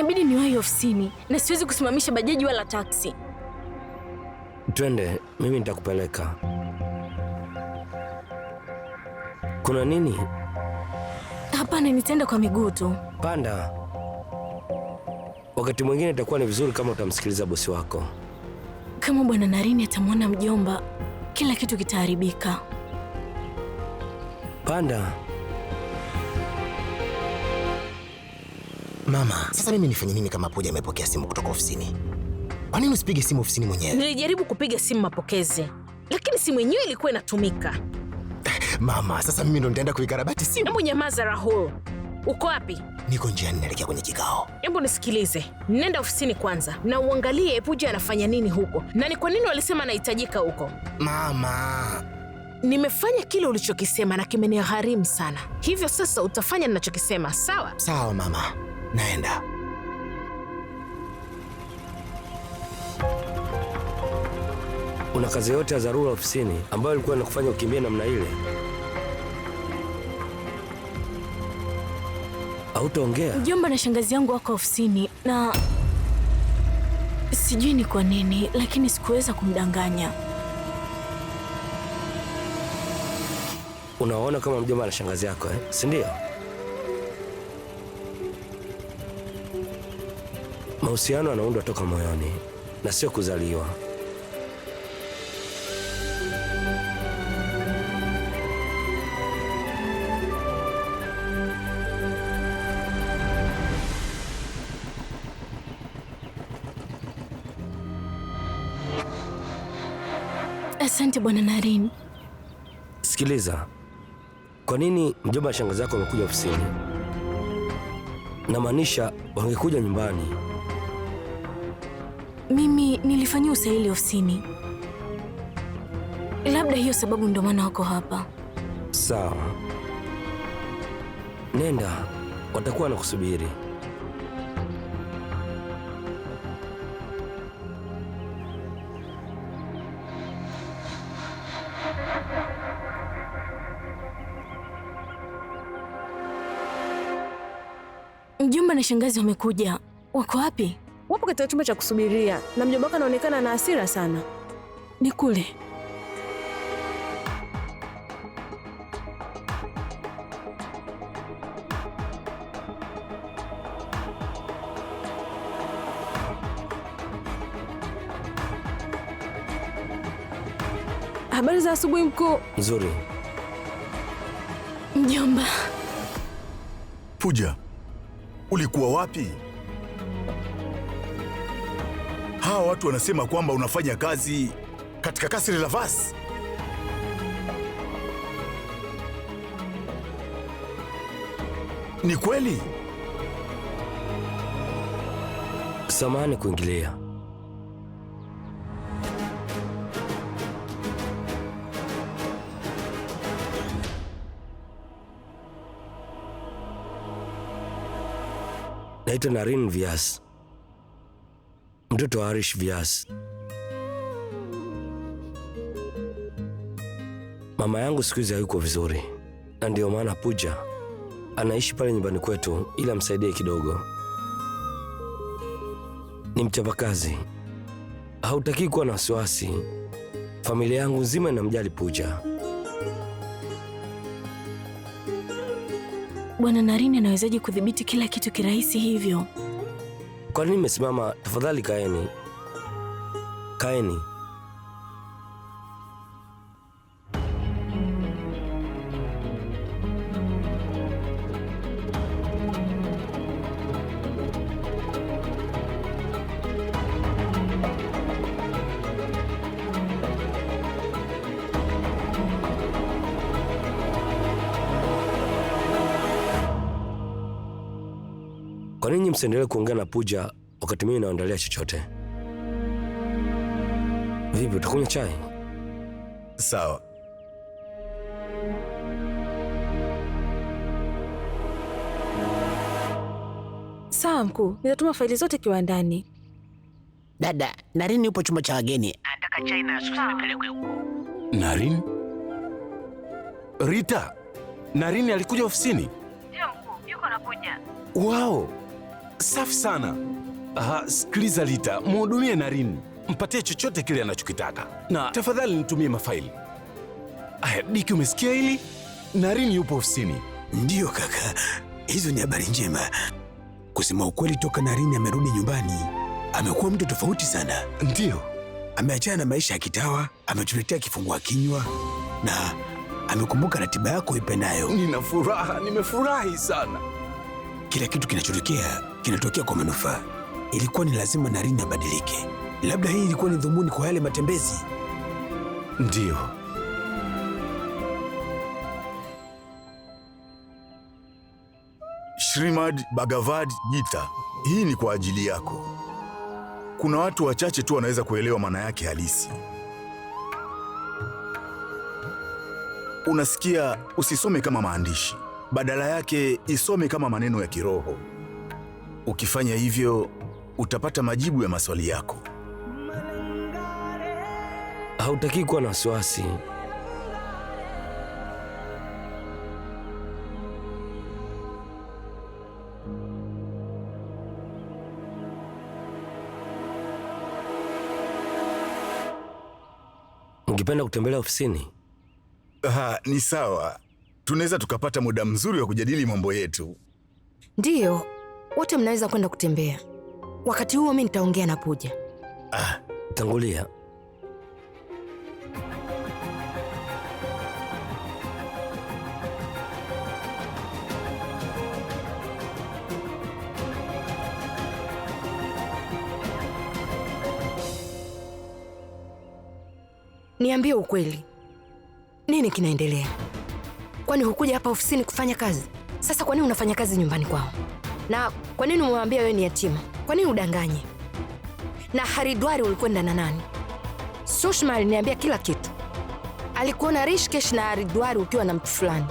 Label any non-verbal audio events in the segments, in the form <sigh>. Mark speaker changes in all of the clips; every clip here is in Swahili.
Speaker 1: inabidi niwahi ofisini na siwezi kusimamisha bajaji wala taksi.
Speaker 2: Twende, mimi nitakupeleka. Kuna nini?
Speaker 1: Hapana, nitaenda kwa miguu tu.
Speaker 2: Panda. Wakati mwingine itakuwa ni vizuri kama utamsikiliza bosi wako.
Speaker 1: Kama bwana Narini atamwona mjomba, kila kitu kitaharibika.
Speaker 2: Panda. Mama, sasa mimi nifanye nini kama Pooja amepokea simu kutoka ofisini? Kwa nini usipige simu ofisini mwenyewe?
Speaker 1: Nilijaribu kupiga simu mapokezi, lakini simu yenyewe ilikuwa inatumika.
Speaker 2: <laughs> Mama, sasa mimi ndo nitaenda kuikarabati simu.
Speaker 1: Hebu nyamaza Rahul. Uko wapi?
Speaker 2: Niko njiani naelekea kwenye kikao.
Speaker 1: Hebu nisikilize, nenda ofisini kwanza na uangalie Pooja anafanya nini huko na ni kwa nini walisema anahitajika huko.
Speaker 2: Mama,
Speaker 1: nimefanya kile ulichokisema na kimenigharimu sana, hivyo sasa utafanya ninachokisema, sawa?
Speaker 2: Sawa mama naenda. Una kazi yote ya dharura ofisini ambayo ilikuwa inakufanya ukimbie namna ile? Hautaongea?
Speaker 1: Mjomba na shangazi yangu wako ofisini na sijui ni kwa nini, lakini sikuweza kumdanganya.
Speaker 2: Unaona kama mjomba na shangazi yako eh? Si ndio? Mahusiano yanaundwa toka moyoni na sio kuzaliwa.
Speaker 1: Asante Bwana Naren.
Speaker 2: Sikiliza, kwa nini mjomba wa shangazi yako amekuja ofisini? Namaanisha wangekuja nyumbani
Speaker 1: mimi nilifanyia usaili ofisini, labda hiyo sababu ndio maana wako hapa.
Speaker 2: Sawa, nenda, watakuwa na kusubiri
Speaker 1: Mjomba na shangazi wamekuja, wako wapi? wapo katika chumba cha kusubiria na mjomba wako anaonekana na hasira sana. Ni kule Habari za asubuhi mkuu. Nzuri. Mjomba.
Speaker 3: Puja, ulikuwa wapi? hawa watu wanasema kwamba unafanya kazi katika kasri la Vas. Ni kweli?
Speaker 2: Samahani kuingilia. Naitwa Naren Vyas mtoto wa Arish Vyas. Mama yangu siku hizi hayuko vizuri, na ndiyo maana Puja anaishi pale nyumbani kwetu ili amsaidie kidogo. Ni mchapakazi, hautaki kuwa na wasiwasi. Familia yangu nzima inamjali Puja.
Speaker 1: Bwana narini anawezaje kudhibiti kila kitu kirahisi hivyo?
Speaker 2: Kwa nini mmesimama? Tafadhali kaeni, kaeni. Kwa nini msiendelee kuongea na Puja wakati mimi naendelea chochote? Vipi, utakunywa chai?
Speaker 3: Sawa.
Speaker 1: Sawa mkuu, nitatuma faili zote kiwandani.
Speaker 4: Dada Narini yupo chumba cha wageni, anataka chai na Susan
Speaker 3: apelekwe huko. Narini? Rita, Narini alikuja ofisini?
Speaker 5: Ndio mkuu, yuko anakuja.
Speaker 3: Wow. Safi sana. Aha, sikiliza Lita, muhudumie Naren, mpatie chochote kile anachokitaka, na tafadhali nitumie mafaili Aya, Diki, umesikia hili? Naren yupo ofisini.
Speaker 6: Ndiyo kaka, hizo ni habari njema. Kusema ukweli, toka Naren amerudi nyumbani amekuwa mtu tofauti sana. Ndiyo, ameachana na maisha ya kitawa, ametuletea kifungua kinywa na amekumbuka ratiba yako ipendayo.
Speaker 3: Nina furaha, nimefurahi sana.
Speaker 6: Kila kitu kinachotokea kinatokea kwa manufaa. Ilikuwa ni lazima Naren abadilike. Labda hii ilikuwa ni dhumuni kwa yale matembezi.
Speaker 3: Ndiyo. Shrimad Bhagavad Gita, hii ni kwa ajili yako. Kuna watu wachache tu wanaweza kuelewa maana yake halisi. Unasikia, usisome kama maandishi, badala yake isome kama maneno ya kiroho. Ukifanya hivyo utapata majibu ya maswali yako.
Speaker 2: Hautaki kuwa na wasiwasi. Ungependa kutembelea ofisini?
Speaker 3: Ha, ni sawa. Tunaweza tukapata muda mzuri wa kujadili mambo yetu.
Speaker 1: Ndiyo wote mnaweza kwenda kutembea. Wakati huo mi nitaongea na puja
Speaker 2: Ah, tangulia.
Speaker 1: Niambie ukweli, nini kinaendelea? Kwani hukuja hapa ofisini kufanya kazi? Sasa kwa nini unafanya kazi nyumbani kwao? Na kwa nini umwambia wewe ni yatima? Kwa nini udanganye? Na Haridwari ulikwenda na nani? Sushma aliniambia kila kitu. Alikuona Rishikesh na Haridwari ukiwa na mtu fulani.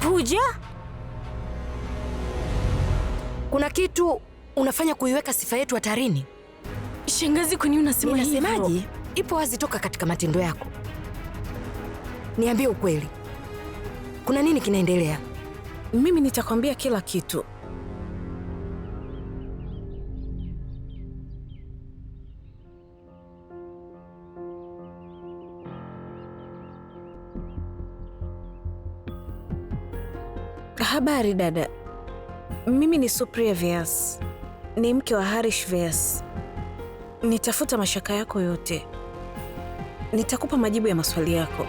Speaker 1: Puja, kuna kitu unafanya kuiweka sifa yetu hatarini. Shangazi, kwani unasema hivyo? Unasemaje? Ipo wazi toka katika matendo yako. Niambie ukweli, kuna nini kinaendelea? Mimi nitakwambia kila kitu. Habari dada, mimi ni Supriya Vyas, ni mke wa Harish Vyas. Nitafuta mashaka yako yote, nitakupa majibu ya maswali yako.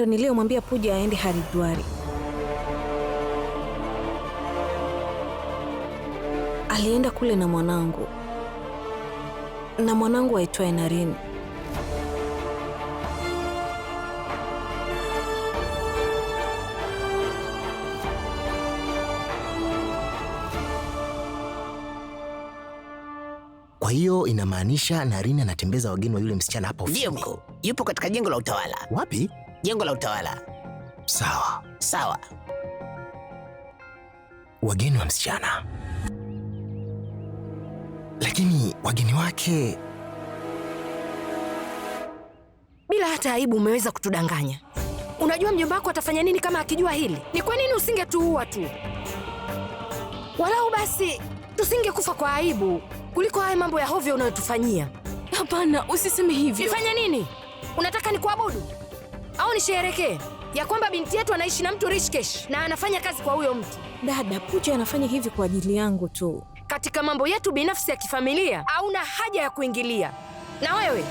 Speaker 1: ndo niliyomwambia Puja aende Haridwari. Alienda kule na mwanangu na mwanangu aitwaye Narini.
Speaker 2: Kwa hiyo inamaanisha Narini anatembeza wageni wa yule msichana hapo.
Speaker 4: Ndio Yupo katika jengo la utawala. Wapi? jengo la utawala. Sawa sawa.
Speaker 2: Wageni wa msichana, lakini wageni wake
Speaker 1: bila hata aibu. Umeweza kutudanganya. Unajua mjomba wako atafanya nini kama akijua hili? Ni kwa nini usingetuua tu, walau basi tusingekufa kwa aibu kuliko haya mambo ya hovyo unayotufanyia. Hapana, usiseme hivyo. Nifanye nini? Unataka nikuabudu? au nisherekee ya kwamba binti yetu anaishi na mtu rishkesh na anafanya kazi kwa huyo mtu? Dada, Pooja anafanya hivi kwa ajili yangu tu. Katika mambo yetu binafsi ya kifamilia hauna haja ya kuingilia. Na wewe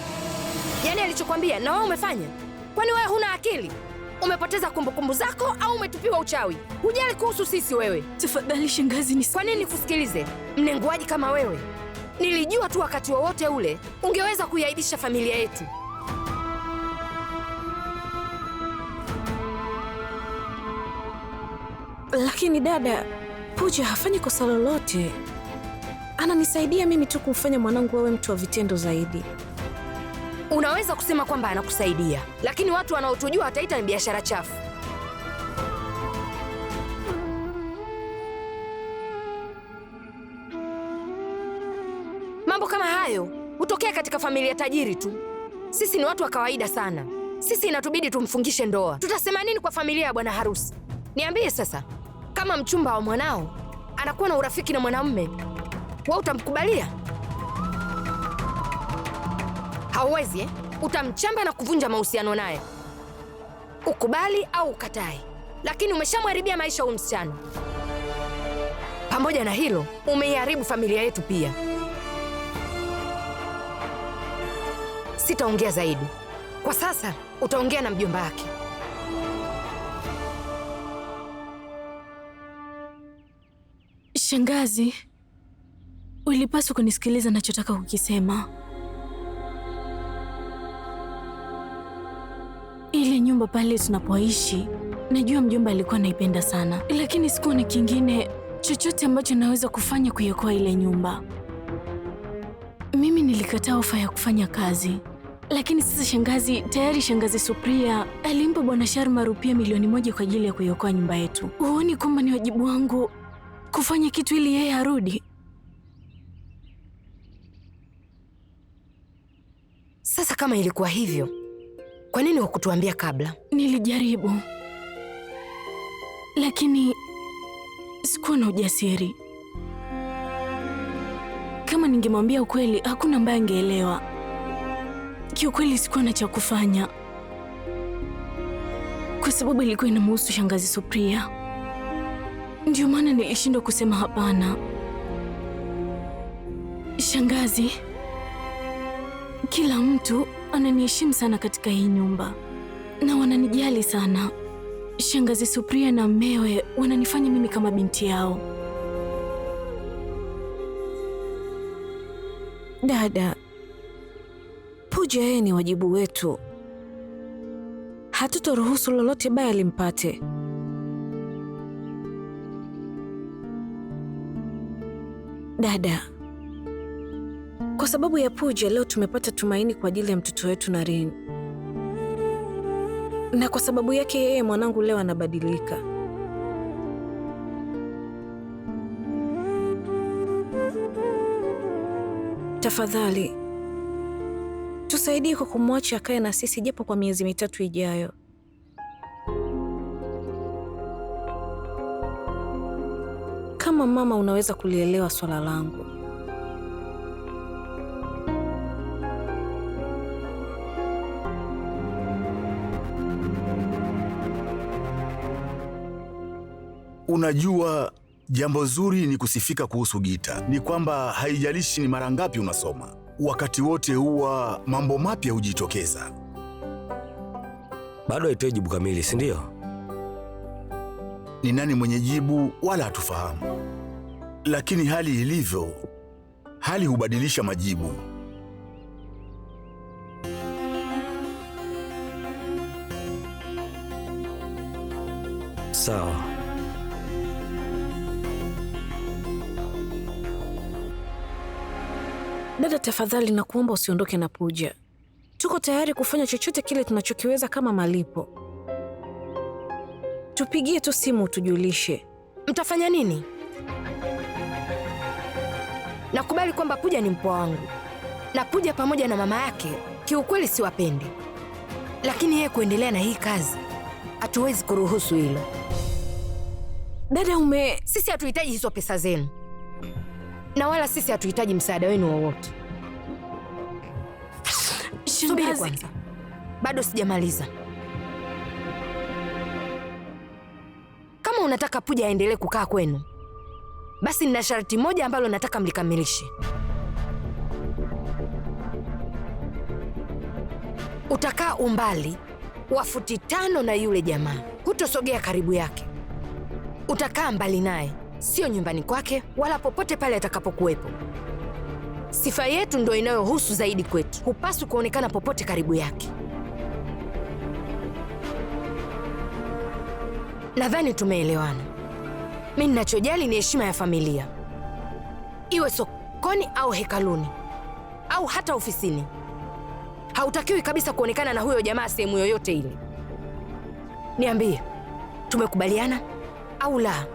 Speaker 1: yani, alichokwambia na wewe umefanya? Kwani wewe huna akili? Umepoteza kumbukumbu zako au umetupiwa uchawi? Hujali kuhusu sisi wewe? Tafadhali shangazi, ni kwa nini nikusikilize, mnenguaji kama wewe? Nilijua tu wakati wowote ule ungeweza kuiaibisha familia yetu. Lakini dada Pooja hafanyi kosa lolote, ananisaidia mimi tu kumfanya mwanangu awe mtu wa vitendo zaidi. Unaweza kusema kwamba anakusaidia, lakini watu wanaotujua wataita ni biashara chafu. Mambo kama hayo hutokea katika familia tajiri tu. Sisi ni watu wa kawaida sana. Sisi inatubidi tumfungishe ndoa. Tutasema nini kwa familia ya bwana harusi? Niambie sasa kama mchumba wa mwanao anakuwa na urafiki na mwanamume, wewe utamkubalia? Hauwezi eh? Utamchamba na kuvunja mahusiano naye, ukubali au ukatae, lakini umeshamharibia maisha huyu msichana. Pamoja na hilo, umeiharibu familia yetu pia. Sitaongea zaidi kwa sasa, utaongea na mjomba wake. Shangazi, ulipaswa kunisikiliza nachotaka kukisema. Ile nyumba pale tunapoishi, najua mjomba alikuwa anaipenda sana, lakini na kingine chochote ambacho naweza kufanya kuiokoa ile nyumba. Mimi nilikataa ofa ya kufanya kazi, lakini sasa shangazi, tayari shangazi Supriya alimpa bwana Sharma rupia milioni moja kwa ajili ya kuiokoa nyumba yetu. Huoni kwamba ni wajibu wangu kufanya kitu ili yeye arudi. Sasa kama ilikuwa hivyo, kwa nini hukutuambia kabla? Nilijaribu, lakini sikuwa na ujasiri. Kama ningemwambia ukweli, hakuna ambaye angeelewa. Kiukweli sikuwa na cha kufanya, kwa sababu ilikuwa inamhusu shangazi Supriya. Ndio maana nilishindwa kusema hapana. Shangazi, kila mtu ananiheshimu sana katika hii nyumba na wananijali sana. Shangazi Supriya na mmewe wananifanya mimi kama binti yao. Dada Puja, yeye ni wajibu wetu, hatutoruhusu lolote baya limpate. Dada, kwa sababu ya Pooja leo tumepata tumaini kwa ajili ya mtoto wetu Naren, na kwa sababu yake yeye mwanangu leo anabadilika. Tafadhali tusaidie kwa kumwacha akae na sisi japo kwa miezi mitatu ijayo. kama mama unaweza kulielewa swala langu.
Speaker 3: Unajua, jambo zuri ni kusifika kuhusu Gita ni kwamba haijalishi ni mara ngapi unasoma, wakati wote huwa mambo mapya hujitokeza.
Speaker 2: Bado haitoi jibu kamili, si ndio?
Speaker 3: ni nani mwenye jibu wala hatufahamu, lakini hali ilivyo, hali hubadilisha majibu.
Speaker 2: Sawa,
Speaker 1: dada, tafadhali nakuomba usiondoke na Pooja. Tuko tayari kufanya chochote kile tunachokiweza kama malipo tupigie tu simu tujulishe. Mtafanya nini? Nakubali kwamba Puja ni mpwa wangu na Puja pamoja na mama yake kiukweli siwapendi, lakini yeye kuendelea na hii kazi hatuwezi kuruhusu hilo. Dada ume, sisi hatuhitaji hizo pesa zenu na wala sisi hatuhitaji msaada wenu wowote. Subiri kwanza, bado sijamaliza. unataka Puja aendelee kukaa kwenu, basi nina sharti moja ambalo nataka mlikamilishe. Utakaa umbali wa futi tano na yule jamaa, hutosogea karibu yake. Utakaa mbali naye, sio nyumbani kwake wala popote pale atakapokuwepo. Sifa yetu ndo inayohusu zaidi kwetu, hupaswi kuonekana popote karibu yake. Nadhani tumeelewana. Mi ninachojali ni heshima ya familia, iwe sokoni au hekaluni au hata ofisini. Hautakiwi kabisa kuonekana na huyo jamaa sehemu yoyote ile. Niambie, tumekubaliana au la?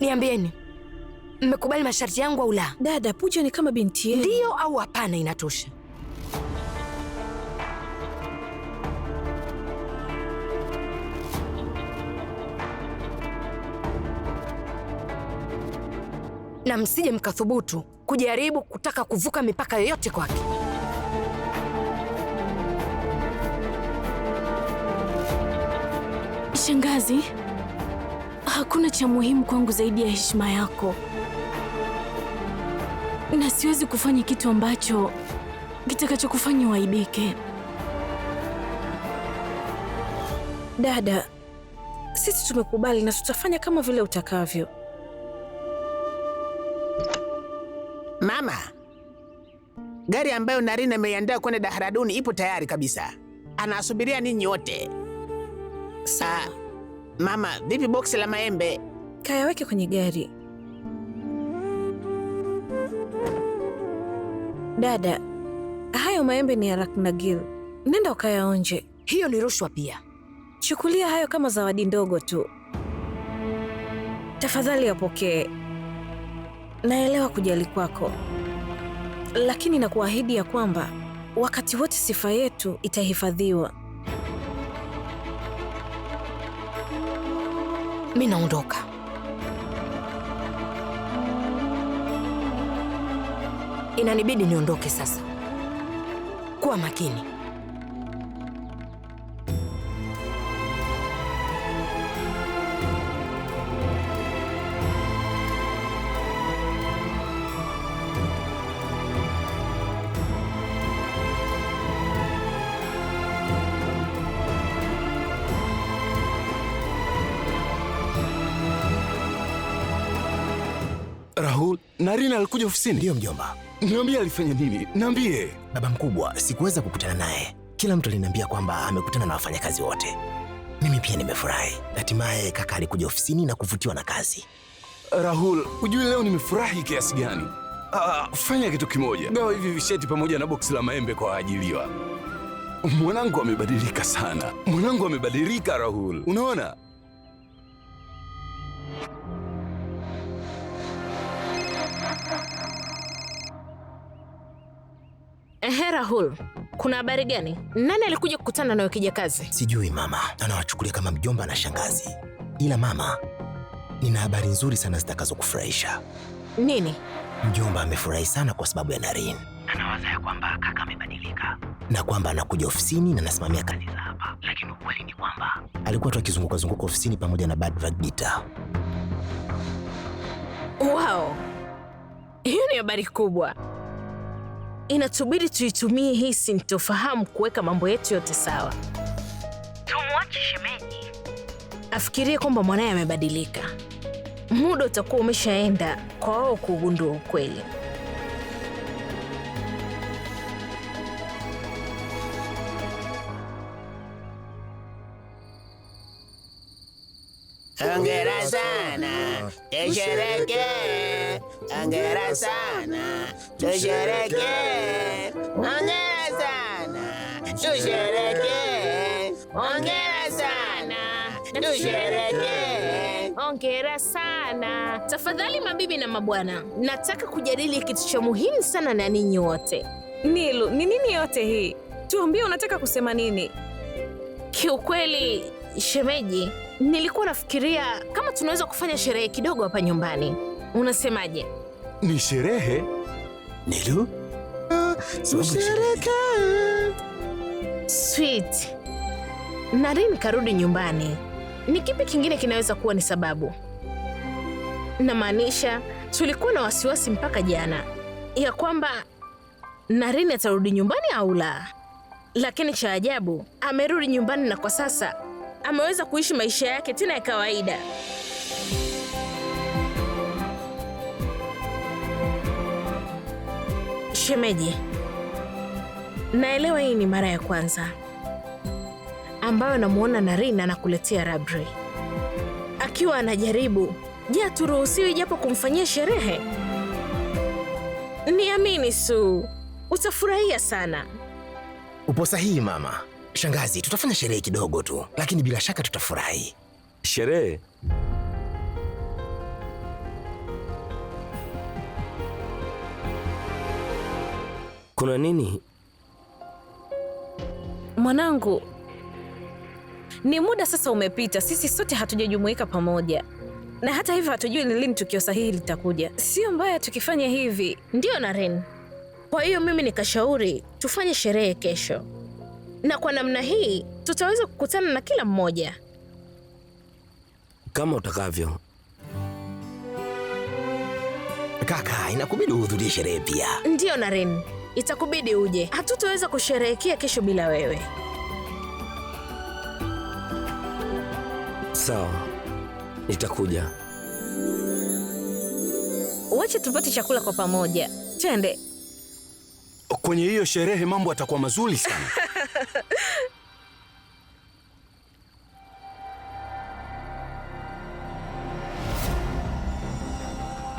Speaker 1: Niambieni, mmekubali masharti yangu au la? Dada, Pooja ni kama binti yenu. Ndio au hapana? Inatosha. na msije mkathubutu kujaribu kutaka kuvuka mipaka yoyote kwake. Shangazi, hakuna cha muhimu kwangu zaidi ya heshima yako, na siwezi kufanya kitu ambacho kitakachokufanya uaibike. Dada, sisi tumekubali na tutafanya kama vile utakavyo.
Speaker 4: Mama, gari ambayo narina ameiandaa kwenda daharaduni ipo tayari kabisa, anasubiria ninyi wote. sa mama, vipi boksi la maembe?
Speaker 1: Kayaweke kwenye gari. Dada, hayo maembe ni ya Raknagil, nenda ukayaonje. Hiyo ni rushwa pia. Chukulia hayo kama zawadi ndogo tu, tafadhali yapokee. Naelewa kujali kwako, lakini nakuahidi ya kwamba wakati wote sifa yetu itahifadhiwa. Mi naondoka. Inanibidi niondoke sasa. Kuwa makini.
Speaker 3: Narina alikuja ofisini?
Speaker 2: Ndiyo mjomba.
Speaker 3: Niambie alifanya nini? Niambie.
Speaker 2: Baba mkubwa, sikuweza kukutana naye. Kila mtu aliniambia kwamba amekutana na wafanyakazi wote. Mimi pia nimefurahi. Hatimaye kaka alikuja ofisini na kuvutiwa na kazi.
Speaker 3: Rahul, ujui leo nimefurahi kiasi gani? Uh, fanya kitu kimoja, gawa hivi visheti pamoja na boksi la maembe kwa waajiliwa. Mwanangu amebadilika sana, mwanangu amebadilika Rahul, unaona?
Speaker 1: Rahul, kuna habari gani? Nani alikuja kukutana nawe kijakazi?
Speaker 2: Sijui mama, anawachukulia kama mjomba na shangazi. Ila mama, nina habari nzuri sana zitakazokufurahisha. Nini? Mjomba amefurahi sana kwa sababu ya Naren. Anawaza ya kwamba kaka amebadilika na kwamba anakuja ofisini na anasimamia kanisa hapa, lakini ukweli ni kwamba alikuwa tu akizunguka zunguka ofisini pamoja na Bad Gita.
Speaker 1: Wow, hiyo ni habari kubwa inatubidi tuitumie hii sintofahamu kuweka mambo yetu yote sawa. Tumwache shemeji afikirie kwamba mwanaye amebadilika. Muda utakuwa umeshaenda kwa wao kuugundua ukweli. Hongera sana, isherekee. Hongera sana, tusherekee. Hongera sana, tusherekee. Hongera sana, tusherekee. Hongera sana. Tafadhali mabibi na mabwana, nataka kujadili kitu cha muhimu sana na ninyi wote. Nilu, ni nini yote hii? Tuambie, unataka kusema nini? Kiukweli shemeji, nilikuwa nafikiria kama tunaweza kufanya sherehe kidogo hapa nyumbani. Unasemaje?
Speaker 3: Ni sherehe Nilu? Ah,
Speaker 1: Sweet. Naren karudi nyumbani. Ni kipi kingine kinaweza kuwa ni sababu? Namaanisha tulikuwa na wasiwasi mpaka jana ya kwamba Naren atarudi nyumbani au la, lakini cha ajabu amerudi nyumbani na kwa sasa ameweza kuishi maisha yake tena ya kawaida. Shemeji, naelewa hii ni mara ya kwanza ambayo namwona Naren anakuletea Rabri akiwa anajaribu. Je, turuhusiwi japo kumfanyia sherehe? Niamini Su, utafurahia sana.
Speaker 2: Upo sahihi mama. Shangazi, tutafanya sherehe kidogo tu, lakini bila shaka tutafurahi. Sherehe? Kuna nini?
Speaker 1: Mwanangu, ni muda sasa umepita, sisi sote hatujajumuika pamoja, na hata hivyo hatujui ni lini tukio sahihi litakuja. Sio mbaya tukifanya hivi. Ndiyo Naren, kwa hiyo mimi nikashauri tufanye sherehe kesho, na kwa namna hii tutaweza kukutana na kila mmoja.
Speaker 2: Kama utakavyo kaka, inakubidi uhudhurie sherehe pia.
Speaker 1: Ndiyo Naren itakubidi uje, hatutaweza kusherehekea kesho bila wewe.
Speaker 2: Sawa, nitakuja.
Speaker 1: Wacha tupate chakula kwa pamoja, twende
Speaker 3: kwenye hiyo sherehe. Mambo atakuwa mazuri sana.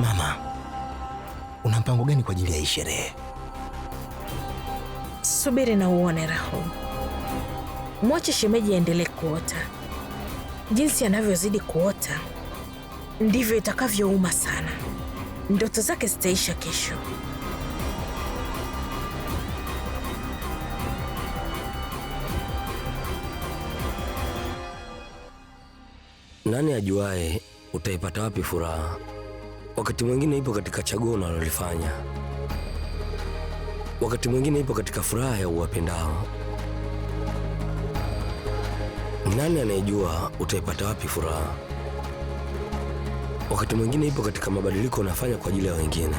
Speaker 2: <laughs> Mama, una mpango gani kwa ajili ya hii sherehe?
Speaker 1: Subiri na uone, raho. Mwache shemeji aendelee kuota. Jinsi anavyozidi kuota ndivyo itakavyouma sana. Ndoto zake zitaisha kesho.
Speaker 2: Nani ajuaye utaipata wapi furaha? Wakati mwingine ipo katika chaguo unalolifanya wakati mwingine ipo katika furaha ya uwapendao. Nani anayejua utaipata wapi furaha? Wakati mwingine ipo katika mabadiliko unafanya kwa ajili ya wengine.